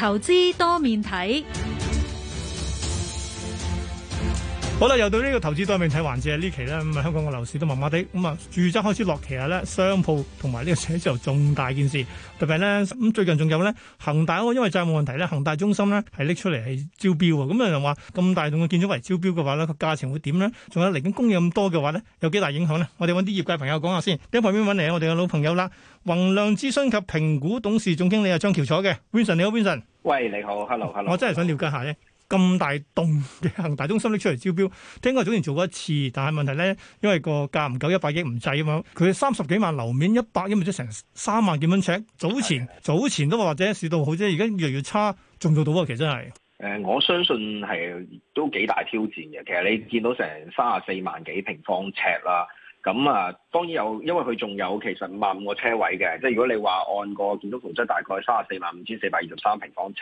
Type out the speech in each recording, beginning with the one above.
投資多面睇。好啦，又到呢個投資多面睇環節啊！期呢期咧，咁啊，香港嘅樓市都麻麻地，咁啊，住宅開始落期啊咧，商鋪同埋呢個寫字樓仲大件事。特別咧，咁最近仲有咧，恒大因為債務問題咧，恒大中心咧係拎出嚟係招標啊！咁有人話咁大棟嘅建築物招標嘅話咧，個價錢會點咧？仲有嚟緊供應咁多嘅話咧，有幾大影響咧？我哋揾啲業界朋友講下先。喺旁邊揾嚟我哋嘅老朋友啦，泓亮諮詢及評估董事總經理啊張翹楚嘅，Vincent 你好 Vincent。喂，你好，Hello，Hello。Hello, hello, hello. 我真係想了解下咧。咁大棟嘅恒大中心拎出嚟招標，聽講早前做過一次，但係問題咧，因為個價唔夠一百億唔制啊嘛，佢三十幾萬樓面一百億咪即成三萬幾蚊尺。早前的早前都話或者市道好啫，而家越嚟越差，仲做到啊？其實係誒，我相信係都幾大挑戰嘅。其實你見到成三十四萬幾平方尺啦。咁啊，當然有，因為佢仲有其實五萬五個車位嘅，即係如果你話按個建築圖則大概三十四萬五千四百二十三平方尺，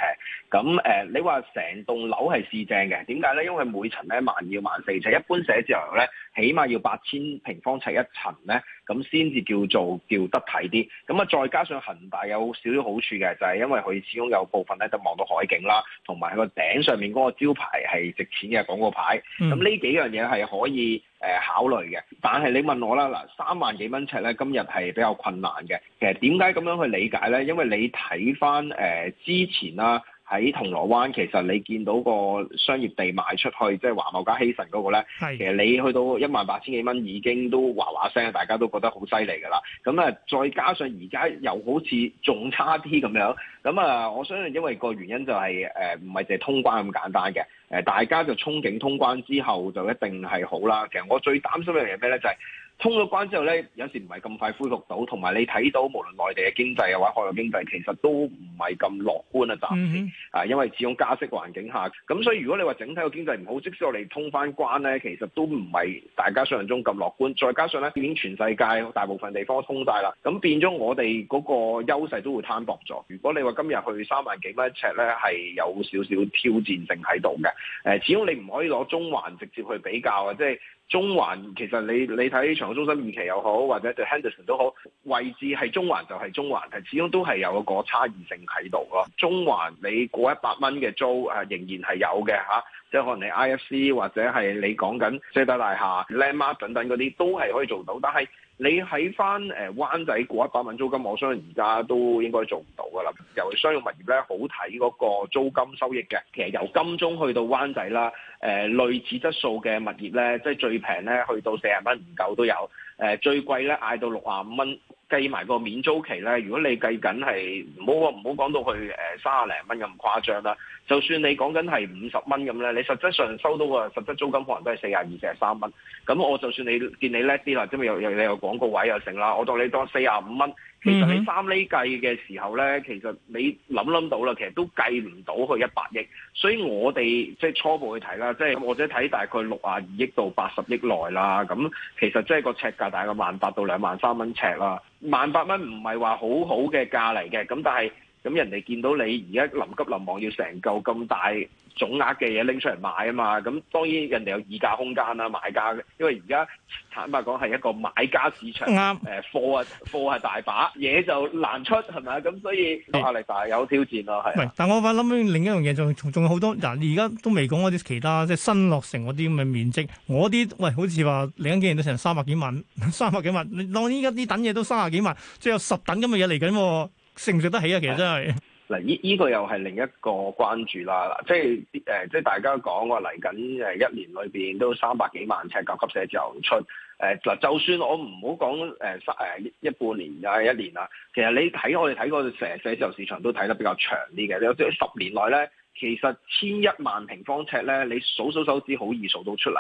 咁、呃、你話成棟樓係市正嘅，點解咧？因為每層咧萬二萬四尺，一般寫字樓咧。起碼要八千平方尺一層咧，咁先至叫做叫得體啲。咁啊，再加上恒大有少少好處嘅，就係、是、因為佢始終有部分咧就望到海景啦，同埋喺個頂上面嗰個招牌係值錢嘅廣告牌。咁呢幾樣嘢係可以誒、呃、考慮嘅。但係你問我啦，嗱，三萬幾蚊尺咧，今日係比較困難嘅。其實點解咁樣去理解咧？因為你睇翻誒之前啦、啊。喺銅鑼灣，其實你見到個商業地賣出去，即係華懋加希慎嗰個呢，是其實你去到一萬八千幾蚊已經都嘩嘩聲，大家都覺得好犀利㗎喇。咁啊，再加上而家又好似仲差啲咁樣。咁啊，我相信因為個原因就係誒唔係淨係通關咁簡單嘅，誒、呃、大家就憧憬通關之後就一定係好啦。其實我最擔心嘅嘢係咩咧？就係、是、通咗關之後咧，有時唔係咁快恢復到，同埋你睇到無論內地嘅經濟啊或海外經濟，其實都唔係咁樂觀啊暫時啊、呃，因為始終加息環境下，咁所以如果你話整體嘅經濟唔好，即使我哋通翻關咧，其實都唔係大家想象中咁樂觀。再加上咧，已經全世界大部分地方通晒啦，咁變咗我哋嗰個優勢都會攤薄咗。如果你話。今日去三萬幾蚊一尺咧，係有少少挑戰性喺度嘅。誒，始終你唔可以攞中環直接去比較啊，即係中環其實你你睇長江中心二期又好，或者 The Henderson 都好，位置係中環就係中環，係始終都係有一個差異性喺度咯。中環你過一百蚊嘅租誒，仍然係有嘅嚇、啊。即係可能你 IFC 或者係你講緊西德大，大廈、Landmark 等等嗰啲，都係可以做到，但係。你喺翻灣仔估一百萬租金，我相信而家都應該做唔到㗎啦。尤其商用物業咧，好睇嗰個租金收益嘅。其實由金鐘去到灣仔啦，誒、呃、類似質素嘅物業咧，即係最平咧去到四十蚊唔夠都有，呃、最貴咧嗌到六十五蚊。計埋個免租期咧，如果你計緊係唔好話，唔好講到去誒三廿零蚊咁誇張啦，就算你講緊係五十蚊咁咧，你實質上收到嘅實質租金可能都係四廿二四廿三蚊，咁我就算你見你叻啲啦，即咪有有你有廣告位又成啦，我當你當四廿五蚊。其實你三厘計嘅時候咧，其實你諗諗到啦，其實都計唔到去一百億，所以我哋即係初步去睇啦，即係或者睇大概六啊二億到八十億內啦，咁其實即係個尺價大概萬八到兩萬三蚊尺啦，萬八蚊唔係話好好嘅價嚟嘅，咁但係。咁人哋見到你而家臨急臨忙要成嚿咁大總額嘅嘢拎出嚟買啊嘛，咁當然人哋有議價空間啦，買家嘅，因為而家坦白講係一個買家市場，啱誒、嗯、貨啊貨係大把嘢，就難出，係咪咁？所以、嗯、壓力大，有挑戰咯，係、啊。唔，但我反諗另一樣嘢，仲仲有好多嗱，而家都未講我啲其他即係新落成嗰啲咁嘅面積，我啲喂好似話你千幾都成三百幾萬，三百幾萬，你攞依家啲等嘢都三十幾萬，即係有十等咁嘅嘢嚟緊。食唔食得起啊？其實真係嗱，依依、啊這個又係另一個關注啦。即係誒、呃，即係大家講話嚟緊誒一年裏邊都三百幾萬尺甲級寫字樓出誒嗱、呃，就算我唔好講誒十誒一半年啊一年啦、啊。其實你睇我哋睇個成寫字樓市場都睇得比較長啲嘅。有即十年內咧，其實千一萬平方尺咧，你數數手指好易數到出嚟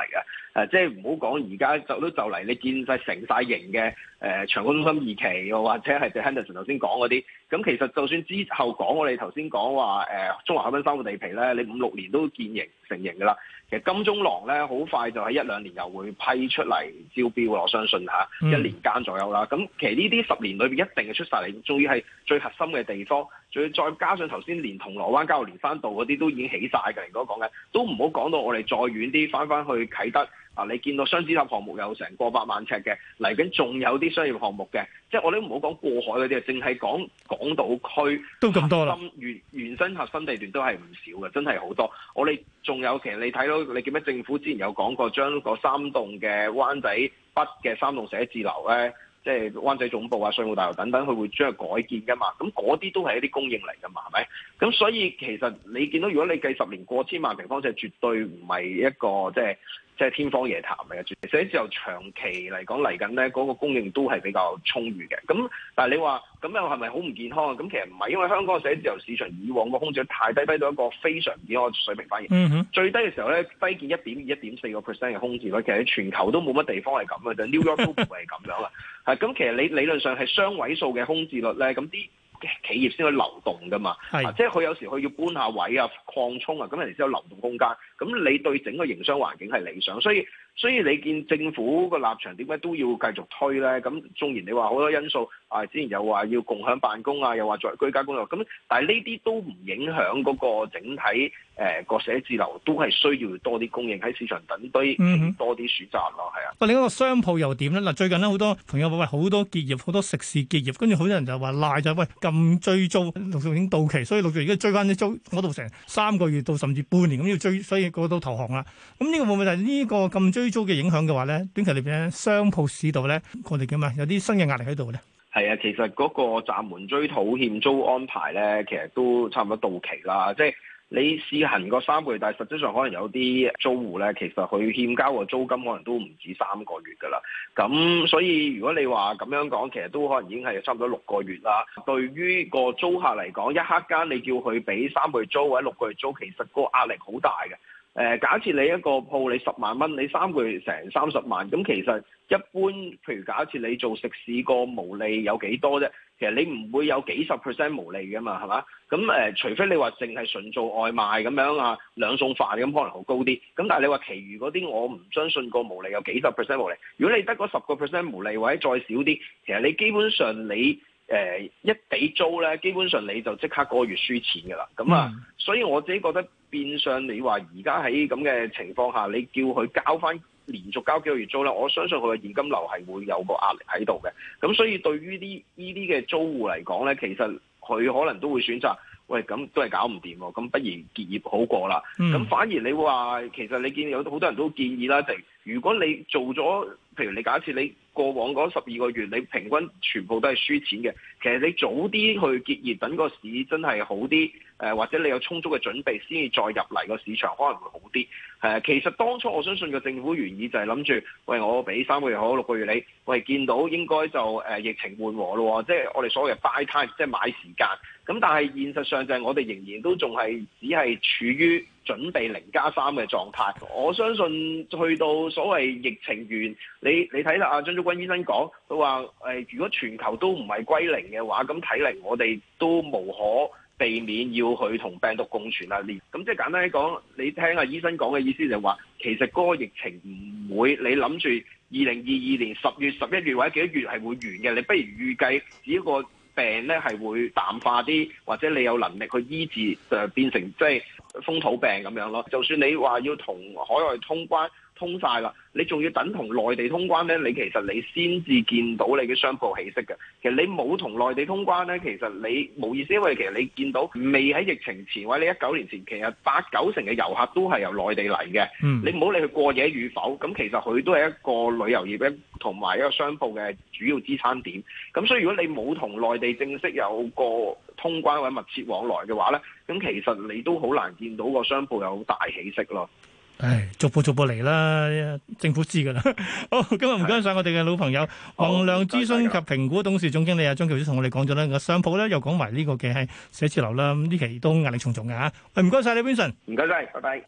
嘅誒。即係唔好講而家就都就嚟你見曬成晒型嘅誒、呃、長江中心二期，又或者係 The Henderson 頭先講嗰啲。咁其實就算之後講，我哋頭先講話中華下邊三個地皮咧，你五六年都建型成型㗎啦。其實金鐘廊咧，好快就喺一兩年又會批出嚟招標，我相信嚇一,一年間左右啦。咁、嗯、其實呢啲十年裏面一定嘅出晒嚟，終於係最核心嘅地方，仲要再加上頭先連銅鑼灣交連山道嗰啲都已經起晒㗎。而家講緊都唔好講到我哋再遠啲，翻翻去啟德。嗱、啊，你見到雙子塔項目有成過百萬尺嘅，嚟緊仲有啲商業項目嘅，即係我哋唔好講過海嗰啲，淨係講港島區都咁多啦，原原生核心地段都係唔少嘅，真係好多。我哋仲有其實你睇到你見咩？政府之前有講過將個三棟嘅灣仔北嘅三棟寫字樓咧，即係灣仔總部啊、稅務大樓等等，佢會將佢改建㗎嘛。咁嗰啲都係一啲供應嚟㗎嘛，係咪？咁所以其實你見到如果你計十年過千萬平方尺，絕對唔係一個即係即係天方夜談嚟嘅，所以寫字樓長期嚟講嚟緊咧，嗰個供應都係比較充裕嘅。咁但係你話咁又係咪好唔健康啊？咁其實唔係，因為香港寫字樓市場以往個空置率太低，低到一個非常之矮嘅水平反應，反而、嗯、哼最低嘅時候咧，低見一點二、一點四個 percent 嘅空置率，其實喺全球都冇乜地方係咁嘅啫，New York 都唔係咁樣啦。係咁， 其實理理論上係雙位數嘅空置率咧，咁啲企業先可以流動噶嘛。是啊、即係佢有時佢要搬下位啊、擴充啊，咁人哋先有流動空間。咁你對整個營商環境係理想，所以所以你見政府個立場點解都要繼續推咧？咁縱然你話好多因素啊，之前又話要共享辦公啊，又話在居家工作，咁但係呢啲都唔影響嗰個整體誒、呃嗰個寫字樓都係需要多啲供應喺市場等堆，多啲選擇咯，係啊。不過另一個商鋪又點咧？嗱，最近咧好多朋友話喂，好多結業，好多食肆結業，跟住好多人就話賴就是、喂咁追租，陸續已經到期，所以陸續而家追翻啲租，嗰度成三個月到甚至半年咁要追，所以。個都投降啦！咁呢個會唔會就呢個咁追租嘅影響嘅話咧？短期裏邊，商鋪市道咧，我哋叫咩？有啲新嘅壓力喺度咧。係啊，其實嗰個暫免追討欠租安排咧，其實都差唔多到期啦。即係你試行過三個月，但係實質上可能有啲租戶咧，其實佢欠交個租金可能都唔止三個月噶啦。咁所以如果你話咁樣講，其實都可能已經係差唔多六個月啦。對於個租客嚟講，一刻間你叫佢俾三個月租或者六個月租，其實個壓力好大嘅。誒、呃，假設你一個鋪你十萬蚊，你三個月成三十萬，咁其實一般，譬如假設你做食肆個毛利有幾多啫？其實你唔會有幾十 percent 毛利㗎嘛，係嘛？咁、呃、除非你話淨係純做外賣咁樣啊，兩餸飯咁可能好高啲。咁但係你話，其餘嗰啲我唔相信個毛利有幾十 percent 毛利。如果你得嗰十個 percent 毛利或者再少啲，其實你基本上你、呃、一畀租咧，基本上你就即刻嗰月輸錢㗎啦。咁啊，嗯、所以我自己覺得。變相你話而家喺咁嘅情況下，你叫佢交翻連續交幾個月租啦，我相信佢嘅現金流係會有個壓力喺度嘅。咁所以對於呢呢啲嘅租戶嚟講呢，其實佢可能都會選擇，喂咁都係搞唔掂，咁不如結業好過啦。咁、嗯、反而你會話其實你見有好多人都建議啦，即如果你做咗，譬如你假設你。過往嗰十二個月，你平均全部都係輸錢嘅。其實，你早啲去結業，等個市真係好啲。誒、呃，或者你有充足嘅準備，先至再入嚟個市場，可能會好啲。其實當初我相信個政府原意就係諗住，喂，我俾三個月好，六個月你，喂，見到應該就疫情緩和咯，即係我哋所謂嘅 buy time，即係買時間。咁但係現實上就係我哋仍然都仲係只係處於準備零加三嘅狀態。我相信去到所謂疫情完，你你睇下啊張竹君醫生講，佢話，呃，如果全球都唔係歸零嘅話，咁睇嚟我哋都無可避免要去同病毒共存啦，咁即係簡單啲講，你聽阿醫生講嘅意思就係話，其實嗰個疫情唔會，你諗住二零二二年十月、十一月或者幾多月係會完嘅，你不如預計，只要個病咧係會淡化啲，或者你有能力去醫治，誒變成即係風土病咁樣咯。就算你話要同海外通關。通晒啦！你仲要等同內地通關呢，你其實你先至見到你嘅商鋪起色嘅。其實你冇同內地通關呢，其實你冇意思，因為其實你見到未，喺疫情前或者一九年前，其實八九成嘅遊客都係由內地嚟嘅。嗯、你唔好理佢過夜與否，咁其實佢都係一個旅遊業一同埋一個商鋪嘅主要支撐點。咁所以如果你冇同內地正式有個通關或者密切往來嘅話呢，咁其實你都好難見到個商鋪有大起色咯。唉，逐步逐步嚟啦，政府知噶啦。 好，今日唔該晒我哋嘅老朋友，泓亮諮詢及評估董事總經理啊張翹楚同我哋講咗啦，上商鋪咧又講埋呢個嘅係寫字樓啦，咁呢期都壓力重重嘅吓。唔該晒你，Vincent，唔該晒，拜拜。